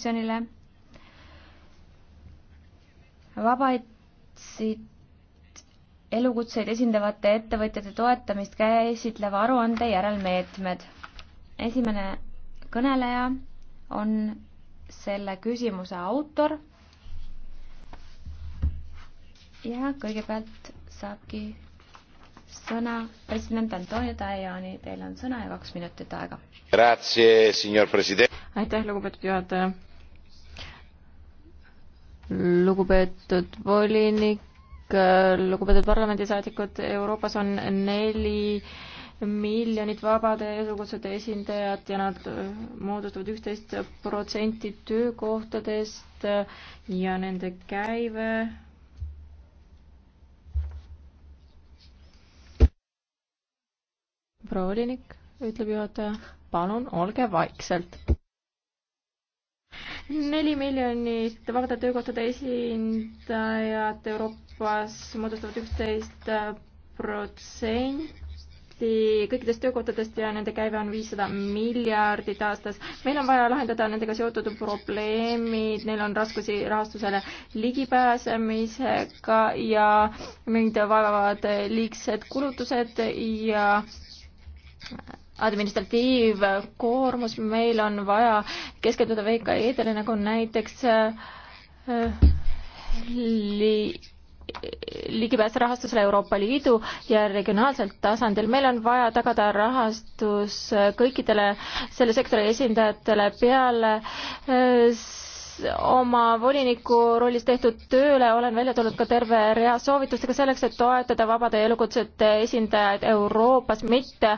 komisjonile. vabasid elukutseid esindavate ettevõtjate toetamist käsitleva aruande järelmeetmed. esimene kõneleja on selle küsimuse autor. ja kõigepealt saabki sõna president Antonio Tajani, teil on sõna ja kaks minutit aega. aitäh, lugupeetud juhataja lugupeetud volinik, lugupeetud parlamendisaadikud, Euroopas on neli miljonit vabade elukutsete esindajat ja nad moodustavad üksteist protsenti töökohtadest ja nende käive proua volinik, ütleb juhataja, palun olge vaikselt neli miljonit vabade töökohtade esindajat Euroopas moodustavad üksteist äh, protsenti kõikidest töökohtadest ja nende käive on viissada miljardit aastas. meil on vaja lahendada nendega seotud probleemid, neil on raskusi rahastusele ligipääsemisega ja mind vaevavad liigsed kulutused ja administratiivkoormus, meil on vaja keskenduda VKE-dele nagu näiteks äh, li-, ligipääs rahastusele Euroopa Liidu ja regionaalsel tasandil. meil on vaja tagada rahastus kõikidele selle sektori esindajatele peale äh, oma voliniku rollis tehtud tööle olen välja tulnud ka terve rea soovitustega selleks, et toetada vabade elukutsete esindajaid Euroopas, mitte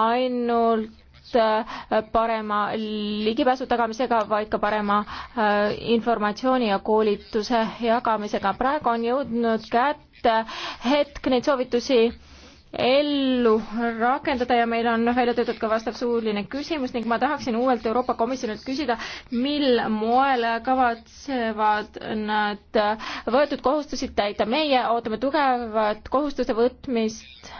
ainult äh, parema ligipääsu tagamisega, vaid ka parema äh, informatsiooni ja koolituse jagamisega. praegu on jõudnud kätte hetk neid soovitusi ellu rakendada ja meil on välja töötatud ka vastav suuline küsimus ning ma tahaksin uuelt Euroopa Komisjonilt küsida, mil moel kavatsevad nad võetud kohustusi täita. meie ootame tugevat kohustuste võtmist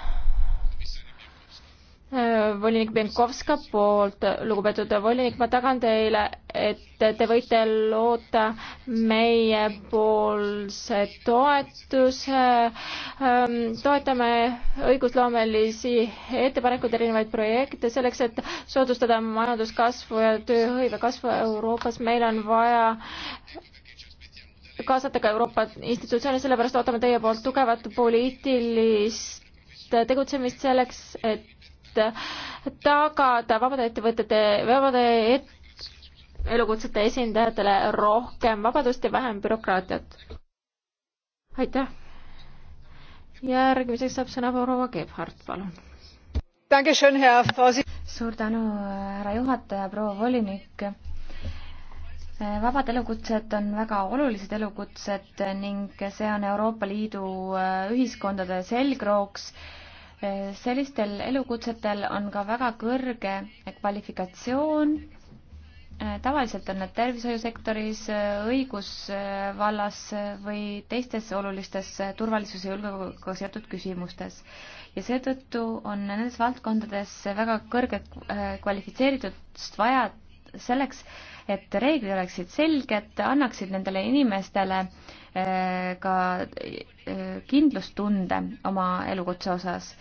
Äh, volinik Benkovska poolt, lugupeetud volinik, ma tagan teile, et te võite loota meiepoolse toetuse. Ähm, toetame õigusloomelisi ettepanekuid, erinevaid projekte selleks, et soodustada majanduskasvu ja tööhõive kasvu Euroopas. meil on vaja kaasata ka Euroopa institutsioone, sellepärast ootame teie poolt tugevat poliitilist tegutsemist selleks, et et tagada vabade ettevõtete, vabade et, elukutsete esindajatele rohkem vabadust ja vähem bürokraatiat. aitäh. järgmiseks saab sõna proua Gebhardt, palun. suur tänu, härra juhataja, proua volinik vabad elukutsed on väga olulised elukutsed ning see on Euroopa Liidu ühiskondade selgrooks sellistel elukutsetel on ka väga kõrge kvalifikatsioon. tavaliselt on need tervishoiusektoris, õigusvallas või teistes olulistes turvalisuse ja julgeolekuga seotud küsimustes. ja seetõttu on nendes valdkondades väga kõrget äh, kvalifitseeritust vaja selleks, et reeglid oleksid selged, annaksid nendele inimestele äh, ka äh, kindlustunde oma elukutse osas.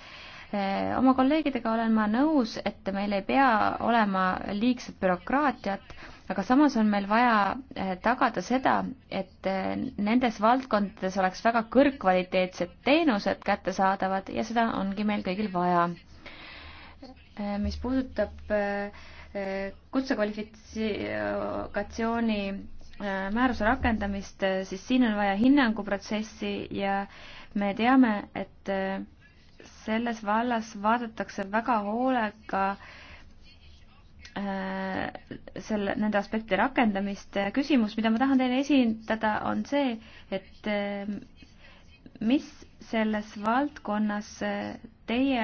Äh, oma kolleegidega olen ma nõus, et meil ei pea olema liigset bürokraatiat, aga samas on meil vaja tagada seda, et nendes valdkondades oleks väga kõrgkvaliteetsed teenused kättesaadavad ja seda ongi meil kõigil vaja. mis puudutab äh, kutsekvalifikatsiooni äh, määruse rakendamist, äh, siis siin on vaja hinnanguprotsessi ja me teame, et äh, selles vallas vaadatakse väga hoolega selle, nende aspekti rakendamist. küsimus, mida ma tahan teile esitada, on see, et mis selles valdkonnas teie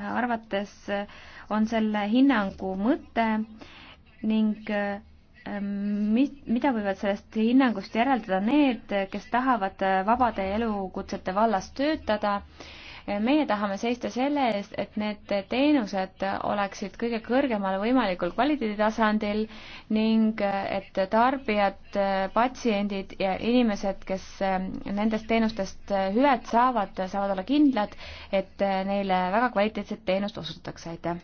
arvates on selle hinnangu mõte ning ähm, mida võivad sellest hinnangust järeldada need, kes tahavad vabade elukutsete vallas töötada meie tahame seista selle eest, et need teenused oleksid kõige kõrgemal võimalikul kvaliteeditasandil ning et tarbijad, patsiendid ja inimesed, kes eh, nendest teenustest eh, hüved saavad, saavad olla kindlad, et eh, neile väga kvaliteetset teenust osutatakse, aitäh!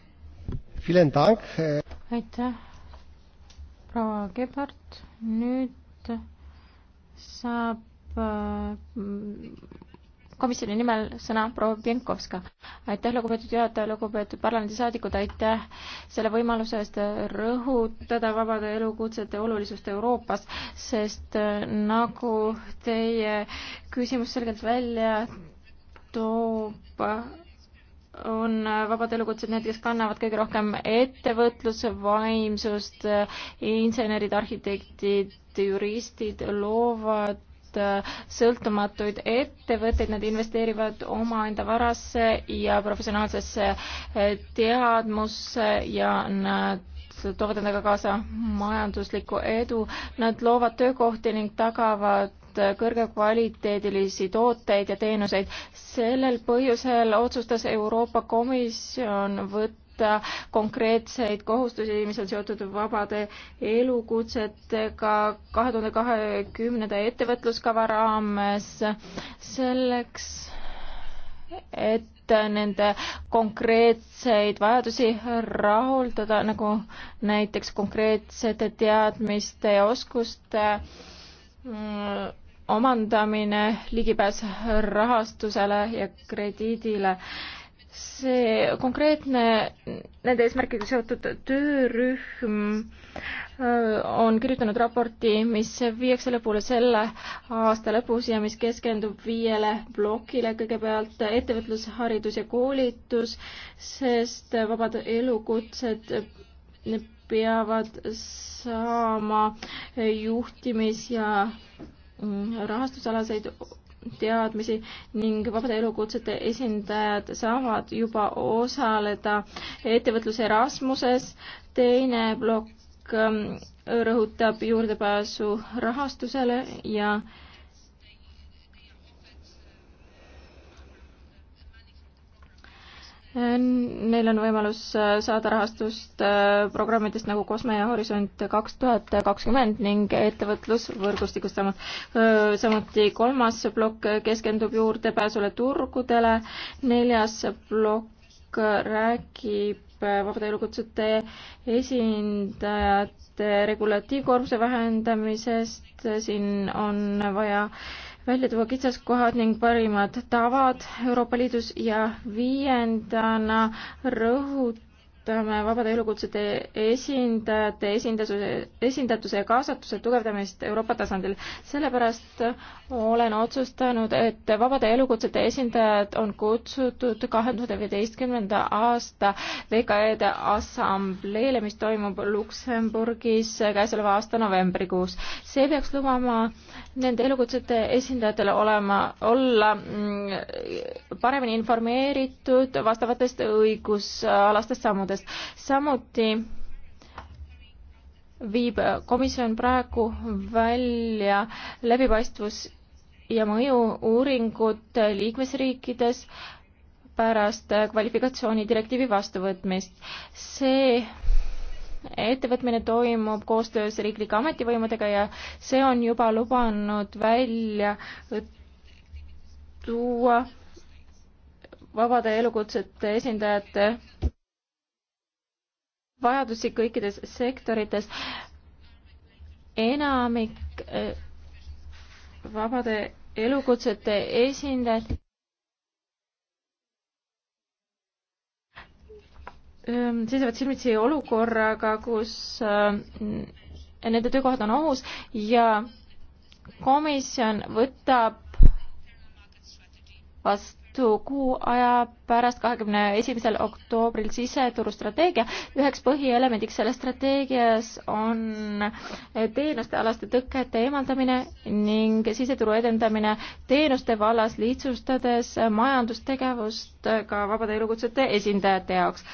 aitäh, proua Gebhardt, nüüd saab komisjoni nimel sõna proua Pienkovska. aitäh, lugupeetud juhataja, lugupeetud parlamendisaadikud, aitäh selle võimaluse eest rõhutada vabade elukutsete olulisust Euroopas, sest äh, nagu teie küsimus selgelt välja toob, on vabad elukutsed need, kes kannavad kõige rohkem ettevõtlusvaimsust, äh, insenerid, arhitektid, juristid loovad Äh, sõltumatuid ettevõtteid, nad investeerivad omaenda varasse ja professionaalsesse äh, teadmusse ja nad toovad endaga kaasa majanduslikku edu, nad loovad töökohti ning tagavad äh, kõrgekvaliteedilisi tooteid ja teenuseid. sellel põhjusel otsustas Euroopa Komisjon võtta võtta konkreetseid kohustusi, mis on seotud vabade elukutsetega kahe tuhande kahekümnenda ettevõtluskava raames selleks, et nende konkreetseid vajadusi rahuldada, nagu näiteks konkreetsete teadmiste ja oskuste mm, omandamine, ligipääs rahastusele ja krediidile see konkreetne nende eesmärkidega seotud töörühm äh, on kirjutanud raporti, mis viiakse lõpule selle aasta lõpus ja mis keskendub viiele plokile, kõigepealt ettevõtlus, haridus ja koolitus, sest vabad elukutsed peavad saama juhtimis- ja rahastusalaseid teadmisi ning vabade elukutsete esindajad saavad juba osaleda ettevõtluse Erasmuses. teine plokk ähm, rõhutab juurdepääsu rahastusele ja Neil on võimalus äh, saada rahastust äh, programmidest nagu Kosme ja Horisont kaks tuhat kakskümmend ning ettevõtlusvõrgustikust samuti. samuti kolmas plokk keskendub juurdepääsule turgudele, neljas plokk räägib äh, vabade elukutsete esindajate regulatiivkoormuse vähendamisest, siin on vaja välja tuua kitsaskohad ning parimad tavad Euroopa Liidus ja viiendana rõhutada toetame vabade elukutsete esindajate esindasuse, esindatuse ja kaasatuse tugevdamist Euroopa tasandil. sellepärast olen otsustanud, et vabade elukutsete esindajad on kutsutud kahe tuhande viieteistkümnenda aasta VKE-de assambleele, mis toimub Luksemburgis käesoleva aasta novembrikuus. see peaks lubama nende elukutsete esindajatele olema, olla mm, paremini informeeritud vastavatest õigusalastest sammudest tegevusest. samuti viib komisjon praegu välja läbipaistvus ja mõju-uuringud liikmesriikides pärast kvalifikatsioonidirektiivi vastuvõtmist. see ettevõtmine toimub koostöös riiklike ametivõimudega ja see on juba lubanud välja tuua vabade elukutsete esindajate vajadusi kõikides sektorites. enamik eh, vabade elukutsete esindajad seisavad silmitsi olukorraga, kus nende töökohad on ohus ja komisjon võtab vastu Liitu kuu aja pärast, kahekümne esimesel oktoobril siseturustrateegia. üheks põhielemendiks selles strateegias on teenustealaste tõkete eemaldamine ning siseturu edendamine teenuste vallas, lihtsustades majandustegevust ka vabade elukutsete esindajate jaoks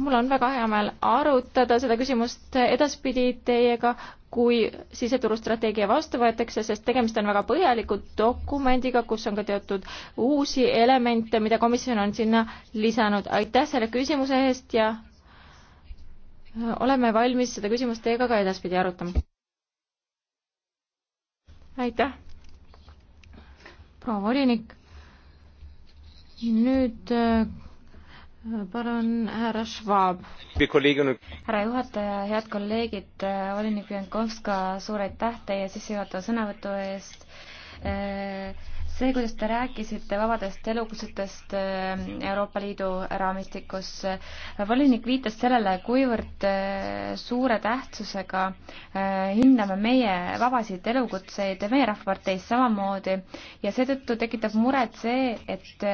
mul on väga hea meel arutada seda küsimust edaspidi teiega, kui siseturustrateegia vastu võetakse, sest tegemist on väga põhjaliku dokumendiga, kus on ka teatud uusi elemente, mida komisjon on sinna lisanud. aitäh selle küsimuse eest ja oleme valmis seda küsimust teiega ka edaspidi arutama. aitäh, proua volinik. nüüd äh, palun, härra Schwab. härra juhataja, head kolleegid, äh, volinik Jankovska, suur aitäh teie sissejuhatava sõnavõtu eest. Äh, see, kuidas te rääkisite vabadest elukutsetest äh, Euroopa Liidu raamistikus, volinik viitas sellele, kuivõrd suure tähtsusega hindame meie vabasid elukutseid meie Rahvaparteis samamoodi ja seetõttu tekitab muret see, et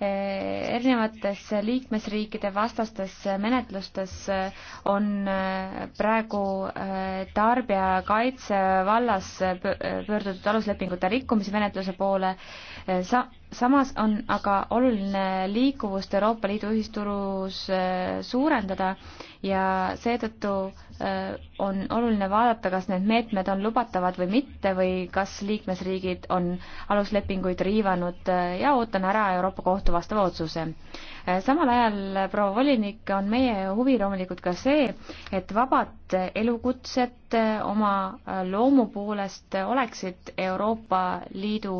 erinevates liikmesriikide vastastes menetlustes on praegu äh, tarbijakaitse vallas pöördutud aluslepingute rikkumise menetluse poole sa-, samas on aga oluline liikuvust Euroopa Liidu ühisturus äh, suurendada ja seetõttu äh, on oluline vaadata, kas need meetmed on lubatavad või mitte või kas liikmesriigid on aluslepinguid riivanud äh, ja ootan ära Euroopa Kohtu vastava otsuse. samal ajal, proua volinik, on meie huvi loomulikult ka see, et vabad et elukutsed oma loomu poolest oleksid Euroopa Liidu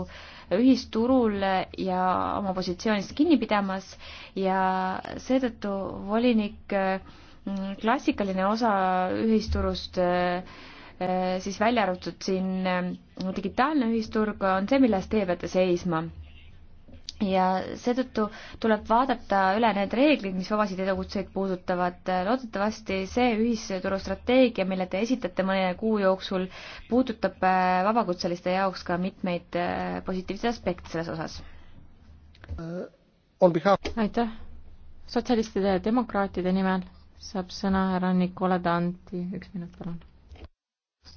ühisturul ja oma positsioonist kinni pidamas ja seetõttu volinik mm, klassikaline osa ühisturust äh, siis välja arvatud siin mm, digitaalne ühisturg on see, mille eest teie peate seisma ja seetõttu tuleb vaadata üle need reeglid, mis vabasid edukutseid puudutavad. loodetavasti see ühisturustrateegia, mille te esitate mõne kuu jooksul, puudutab äh, vabakutseliste jaoks ka mitmeid äh, positiivseid aspekte selles osas. aitäh. sotsialistide ja demokraatide nimel saab sõna härra Nikolai Danti, üks minut palun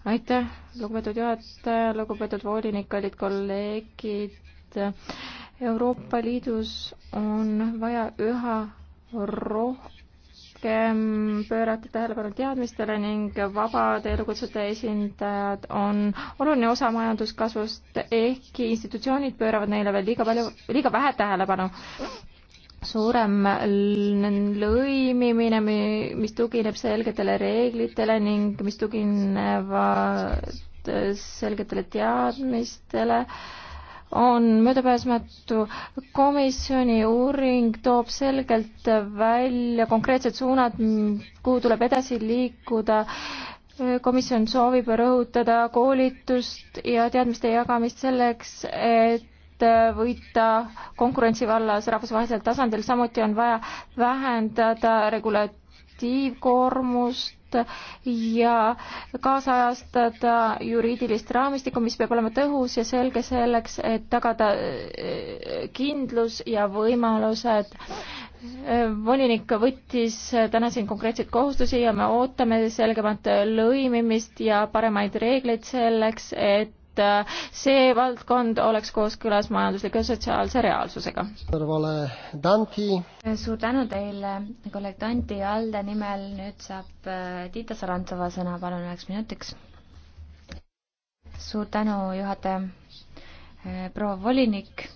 aitäh, lugupeetud juhataja, lugupeetud volinik, kallid kolleegid. Euroopa Liidus on vaja üha rohkem pöörata tähelepanu teadmistele ning vabade elukutsete esindajad on oluline osa majanduskasvust, ehkki institutsioonid pööravad neile veel liiga palju, liiga vähe tähelepanu suurem lõimimine, mis tugineb selgetele reeglitele ning mis tuginevad selgetele teadmistele äh, on möödapääsmatu. komisjoni uuring toob selgelt välja konkreetsed suunad, kuhu tuleb edasi liikuda. komisjon soovib rõhutada koolitust ja teadmiste jagamist selleks, et võita konkurentsi vallas rahvusvahelisel tasandil, samuti on vaja vähendada regulatiivkoormust ja kaasajastada juriidilist raamistikku, mis peab olema tõhus ja selge selleks, et tagada äh, kindlus ja võimalused. volinik võttis täna siin konkreetseid kohustusi ja me ootame selgemat lõimimist ja paremaid reegleid selleks, et et äh, see valdkond oleks kooskõlas majandusliku ja sotsiaalse reaalsusega. suur tänu teile, kolleeg Tanti Alde nimel, nüüd saab äh, Tiita Sarantsova sõna, palun üheks minutiks. suur tänu, juhataja. Äh, proua volinik,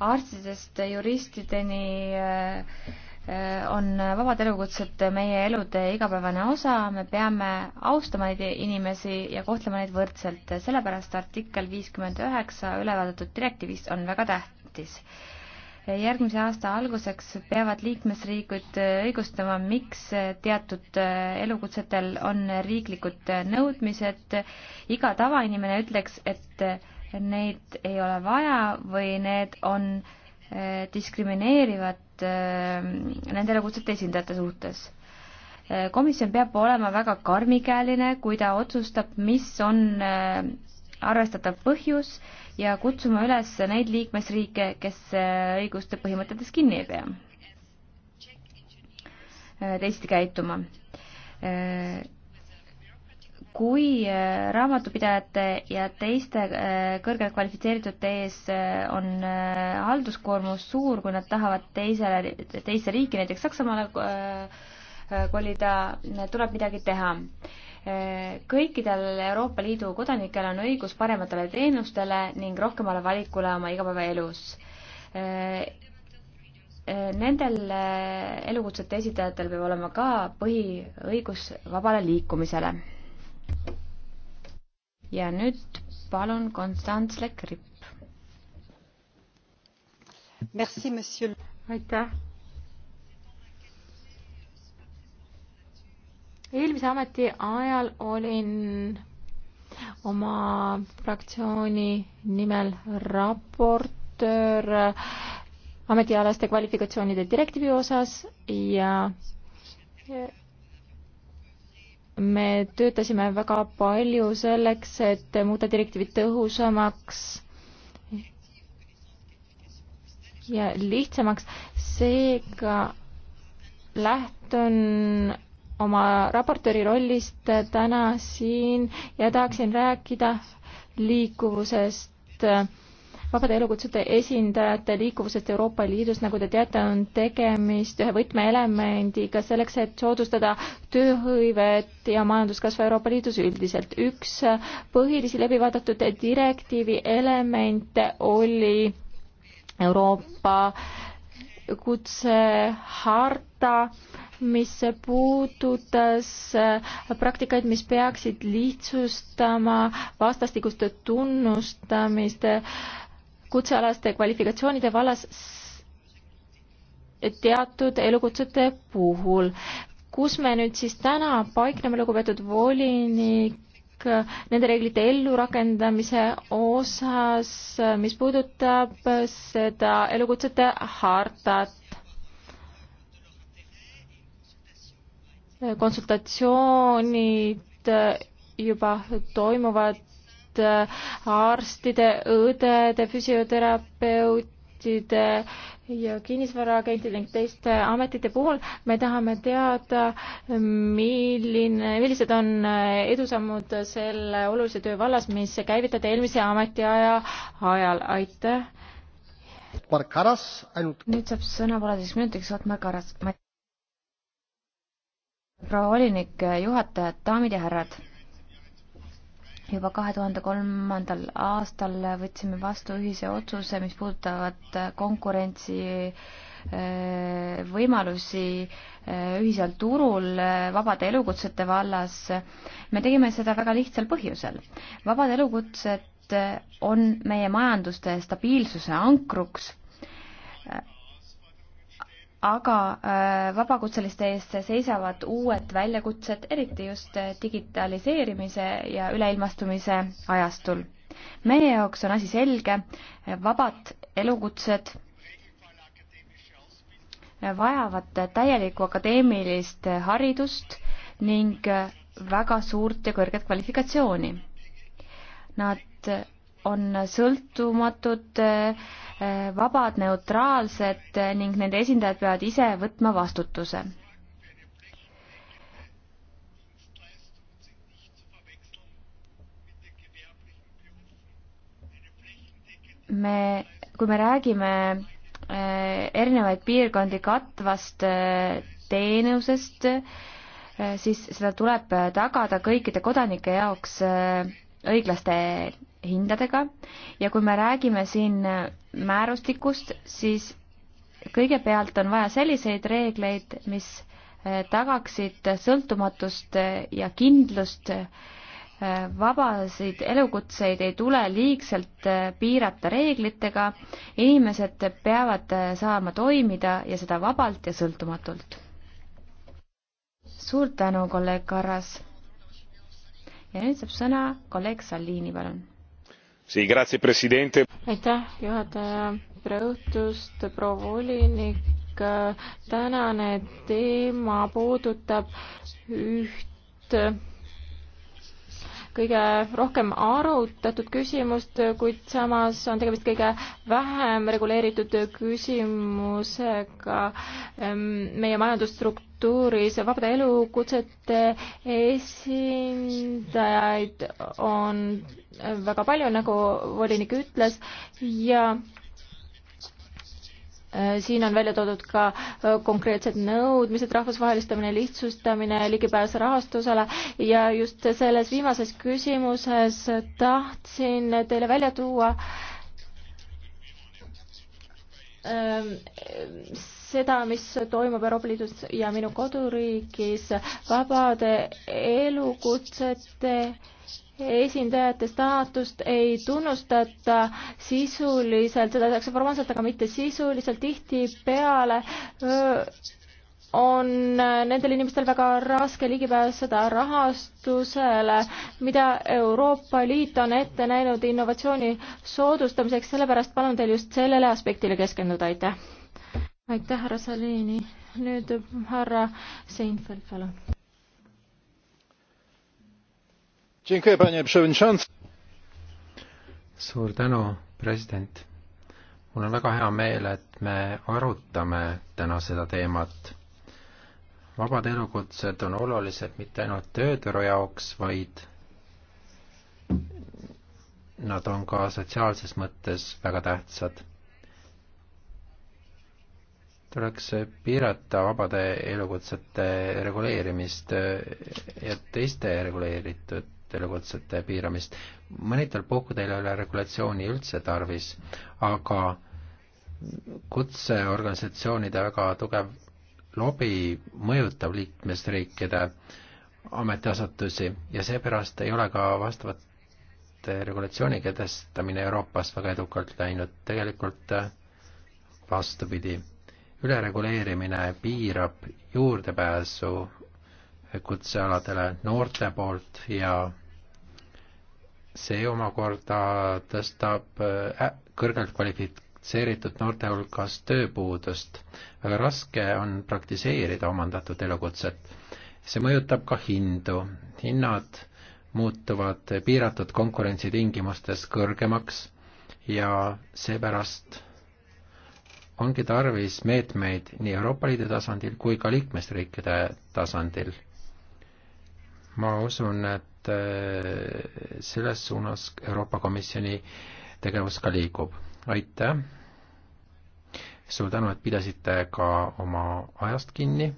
arstidest juristideni äh, Äh, on vabad elukutsed meie elude igapäevane osa, me peame austama neid inimesi ja kohtlema neid võrdselt, sellepärast artikkel viiskümmend üheksa ülevaadatud direktiivist on väga tähtis. järgmise aasta alguseks peavad liikmesriigid õigustama, miks teatud äh, elukutsetel on riiklikud nõudmised, iga tavainimene ütleks, et äh, neid ei ole vaja või need on äh, Eh, diskrimineerivad eh, nende elukutsete esindajate suhtes. Eh, komisjon peab olema väga karmikäeline, kui ta otsustab, mis on arvestatav põhjus ja kutsuma üles neid liikmesriike, kes õiguste põhimõtetest kinni ei pea, teisiti käituma kui äh, raamatupidajate ja teiste äh, kõrgelt kvalifitseeritute ees äh, on halduskoormus suur, kui nad tahavad teisele, teise riiki, näiteks Saksamaale kolida, tuleb midagi teha. kõikidel Euroopa Liidu kodanikel on õigus parematele teenustele ning rohkemale valikule oma igapäevaelus nendel elukutsete esitajatel peab olema ka põhiõigus vabale liikumisele ja nüüd palun Konstants Le Gripp. aitäh. eelmise ameti ajal olin oma fraktsiooni nimel raportöör ametialaste kvalifikatsioonide direktiivi osas ja me töötasime väga palju selleks, et muuta direktiivid tõhusamaks ja lihtsamaks, seega lähtun oma raportööri rollist täna siin ja tahaksin rääkida liikuvusest äh, vabade elukutsete esindajate liikuvusest Euroopa Liidus, nagu te teate, on tegemist ühe võtmeelemendiga selleks, et soodustada tööhõivet ja majanduskasvu Euroopa Liidus üldiselt. üks põhilisi läbivaadatud direktiivi elemente oli Euroopa kutseharta, mis puudutas praktikaid, mis peaksid lihtsustama vastastikust tunnustamist kutsealaste kvalifikatsioonide vallas teatud elukutsete puhul. kus me nüüd siis täna paikneme, lugupeetud volinik, nende reeglite ellurakendamise osas, mis puudutab seda elukutsete hartat? konsultatsioonid juba toimuvad et äh, arstide, õdede, füsioterapeutide ja kinnisvaraagentide ning teiste ametite puhul me tahame teada, milline, millised on äh, edusammud selle olulise töö vallas, mis käivitati eelmise ametiaja ajal, aitäh. Ainult... nüüd saab sõna pooleteiseks minutiks Otmar Karas. proua volinik, juhatajad, daamid ja härrad juba kahe tuhande kolmandal aastal võtsime vastu ühise otsuse, mis puudutavad konkurentsi eh, võimalusi eh, ühisel turul eh, vabade elukutsete vallas. me tegime seda väga lihtsal põhjusel. vabad elukutsed on meie majanduste stabiilsuse ankruks aga äh, vabakutseliste eest seisavad uued väljakutsed, eriti just äh, digitaliseerimise ja üleilmastumise ajastul. meie jaoks on asi selge, vabad elukutsed vajavad täielikku akadeemilist haridust ning väga suurt ja kõrget kvalifikatsiooni. Nad on sõltumatud, vabad, neutraalsed ning nende esindajad peavad ise võtma vastutuse. me, kui me räägime eh, erinevaid piirkondi katvast eh, teenusest, eh, siis seda tuleb tagada kõikide kodanike jaoks õiglaste hindadega ja kui me räägime siin määrustikust, siis kõigepealt on vaja selliseid reegleid, mis eh, tagaksid sõltumatust ja kindlust. Eh, vabasid elukutseid ei tule liigselt eh, piirata reeglitega, inimesed peavad saama toimida ja seda vabalt ja sõltumatult. suur tänu, kolleeg Karras. ja nüüd saab sõna kolleeg Salliini, palun aitäh juhataja, tere õhtust, proua volinik. tänane teema puudutab üht kõige rohkem arutatud küsimust, kuid samas on tegemist kõige vähem reguleeritud küsimusega ehm, meie majandusstruktuuris. vabade elukutsete esindajaid on väga palju, nagu volinik ütles, ja Äh, siin on välja toodud ka äh, konkreetsed nõudmised, rahvusvahelistamine, lihtsustamine, ligipääs rahastusele ja just selles viimases küsimuses tahtsin teile välja tuua ähm, seda, mis toimub Euroopa Liidus ja minu koduriigis vabade elukutsete esindajate staatust ei tunnustata sisuliselt, seda tehakse formaalselt, aga mitte sisuliselt, tihtipeale on nendel inimestel väga raske ligi pääseda rahastusele, mida Euroopa Liit on ette näinud innovatsiooni soodustamiseks, sellepärast palun teil just sellele aspektile keskenduda, aitäh! aitäh, härra Salini. nüüd härra Seinfeld, palun. suur tänu, president. mul on väga hea meel, et me arutame täna seda teemat. vabad elukutsed on olulised mitte ainult tööturu jaoks, vaid nad on ka sotsiaalses mõttes väga tähtsad tuleks piirata vabade elukutsete reguleerimist äh, ja teiste reguleeritud elukutsete piiramist. mõnitel puhkudel ei ole regulatsiooni üldse tarvis, aga kutseorganisatsioonide väga tugev lobi mõjutab liikmesriikide ametiasutusi ja seepärast ei ole ka vastavat regulatsiooni kehtestamine Euroopas väga edukalt läinud, tegelikult äh, vastupidi ülereguleerimine piirab juurdepääsu kutsealadele noorte poolt ja see omakorda tõstab äh, kõrgelt kvalifitseeritud noorte hulgas tööpuudust. väga raske on praktiseerida omandatud elukutset. see mõjutab ka hindu. hinnad muutuvad piiratud konkurentsitingimustes kõrgemaks ja seepärast ongi tarvis meetmeid nii Euroopa Liidu tasandil kui ka liikmesriikide tasandil. ma usun, et äh, selles suunas Euroopa Komisjoni tegevus ka liigub. aitäh! suur tänu, et pidasite ka oma ajast kinni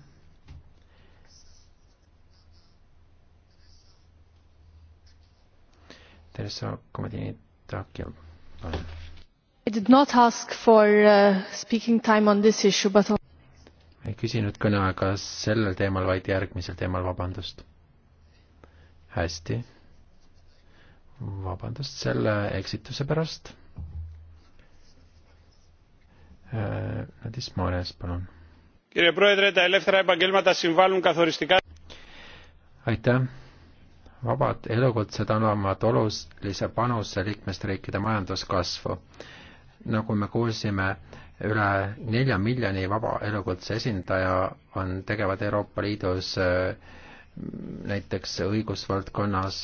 Teresa Comodini Tacchio. Vale. I did not ask for uh, speaking time on this issue, but ei küsinud kõneaega sellel teemal, vaid järgmisel teemal, vabandust. hästi. vabandust selle eksituse pärast äh,. Nadis Moores, palun. aitäh. vabad elukutsed annavad olulise panuse liikmesriikide majanduskasvu nagu me kuulsime, üle nelja miljoni vaba elukutse esindaja on, tegevad Euroopa Liidus äh, näiteks õigusvaldkonnas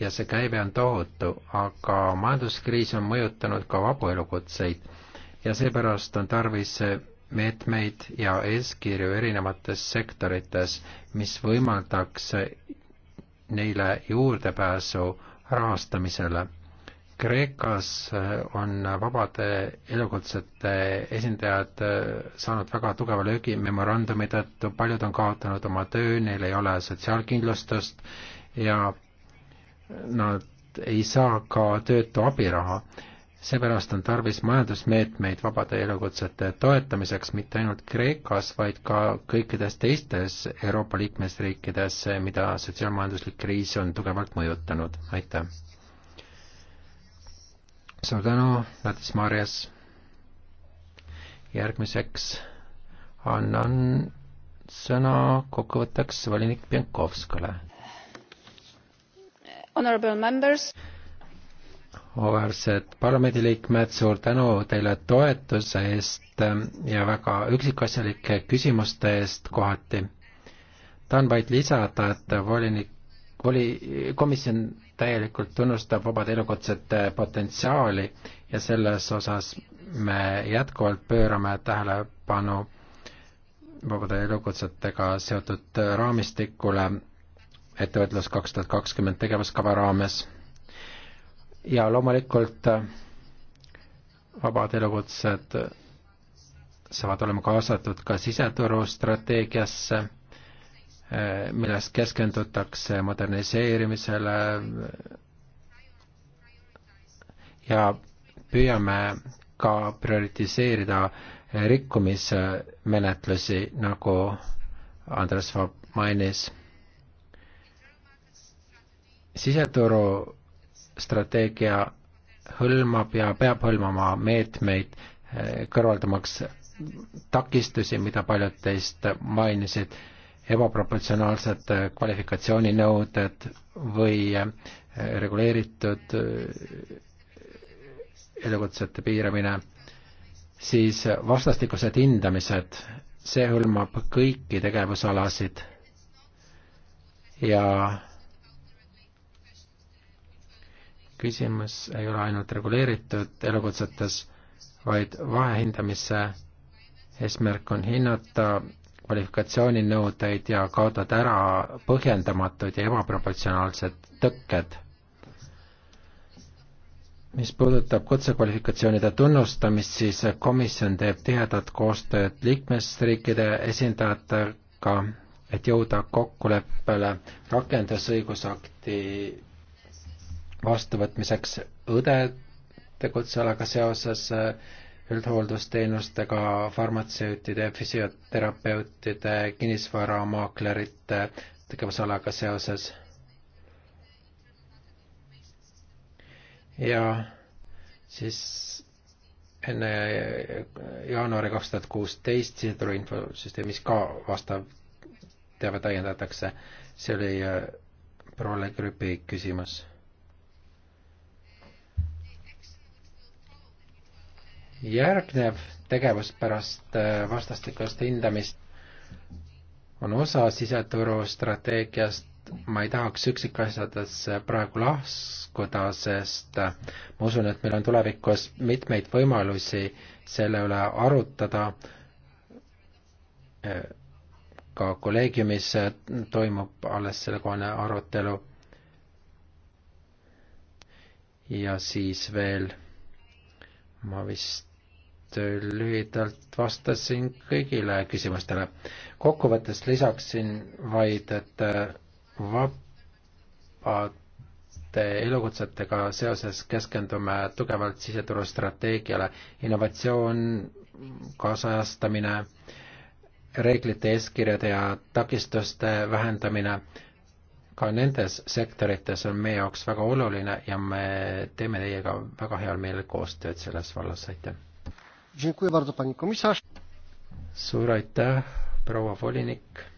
ja see käive on tohutu, aga majanduskriis on mõjutanud ka vabu elukutseid ja seepärast on tarvis meetmeid ja eeskirju erinevates sektorites, mis võimaldaks neile juurdepääsu rahastamisele Kreekas eh, on vabade elukutsete esindajad eh, saanud väga tugeva löögi memorandumi tõttu, paljud on kaotanud oma töö, neil ei ole sotsiaalkindlustust ja nad ei saa ka töötu abiraha. seepärast on tarvis majandusmeetmeid vabade elukutsete toetamiseks mitte ainult Kreekas, vaid ka kõikides teistes Euroopa liikmesriikides, mida sotsiaalmajanduslik kriis on tugevalt mõjutanud. aitäh! suur tänu, Natis Marjas. järgmiseks annan sõna kokkuvõtteks volinik Pienkovskale. Honorable members. auväärsed parlamendiliikmed, suur tänu teile toetuse eest ja väga üksikasjalike küsimuste eest kohati. tahan vaid lisada, et volinik voli, komisjon täielikult tunnustab vabade elukutsete potentsiaali ja selles osas me jätkuvalt pöörame tähelepanu vabade elukutsetega seotud raamistikule ettevõtlus kaks tuhat kakskümmend tegevuskava raames. ja loomulikult vabad elukutsed saavad olema kaasatud ka siseturu strateegiasse milles keskendutakse moderniseerimisele ja püüame ka prioritiseerida rikkumismenetlusi, nagu Andres Vaab mainis. siseturu strateegia hõlmab ja peab hõlmama meetmeid, kõrvaldamaks takistusi, mida paljud teist mainisid ebaproportsionaalsed kvalifikatsiooninõuded või äh, reguleeritud äh, elukutsete piiramine, siis vastastikused hindamised, see hõlmab kõiki tegevusalasid ja küsimus ei ole ainult reguleeritud elukutsetes, vaid vahehindamise eesmärk on hinnata kvalifikatsiooninõudeid ja kaotada ära põhjendamatud ja ebaproportsionaalsed tõkked. mis puudutab kutsekvalifikatsioonide tunnustamist, siis komisjon teeb tihedat koostööd liikmesriikide esindajatega, et jõuda kokkuleppele rakendusõigusakti vastuvõtmiseks õdede kutsealaga seoses äh, üldhooldusteenustega farmatseutide, füsioterapeutide, kinnisvaramaaklerite tegevusalaga seoses. ja siis enne jaanuari kaks tuhat kuusteist siseturu infosüsteemis ka vastav teave täiendatakse. see oli äh, proua Legripi küsimus järgnev tegevus pärast äh, vastastikust hindamist on osa siseturu strateegiast, ma ei tahaks üksikasjadesse praegu laskuda, sest äh, ma usun, et meil on tulevikus mitmeid võimalusi selle üle arutada, äh, ka kolleegiumis toimub alles sellekohane arutelu ja siis veel ma vist lühidalt vastasin kõigile küsimustele. kokkuvõttes lisaksin vaid, et äh, vabade elukutsetega seoses keskendume tugevalt siseturu strateegiale, innovatsioon, kaasajastamine, reeglite, eeskirjade ja takistuste vähendamine, ka nendes sektorites on meie jaoks väga oluline ja me teeme teiega väga heal meelel koostööd selles vallas, aitäh! suur aitäh, proua volinik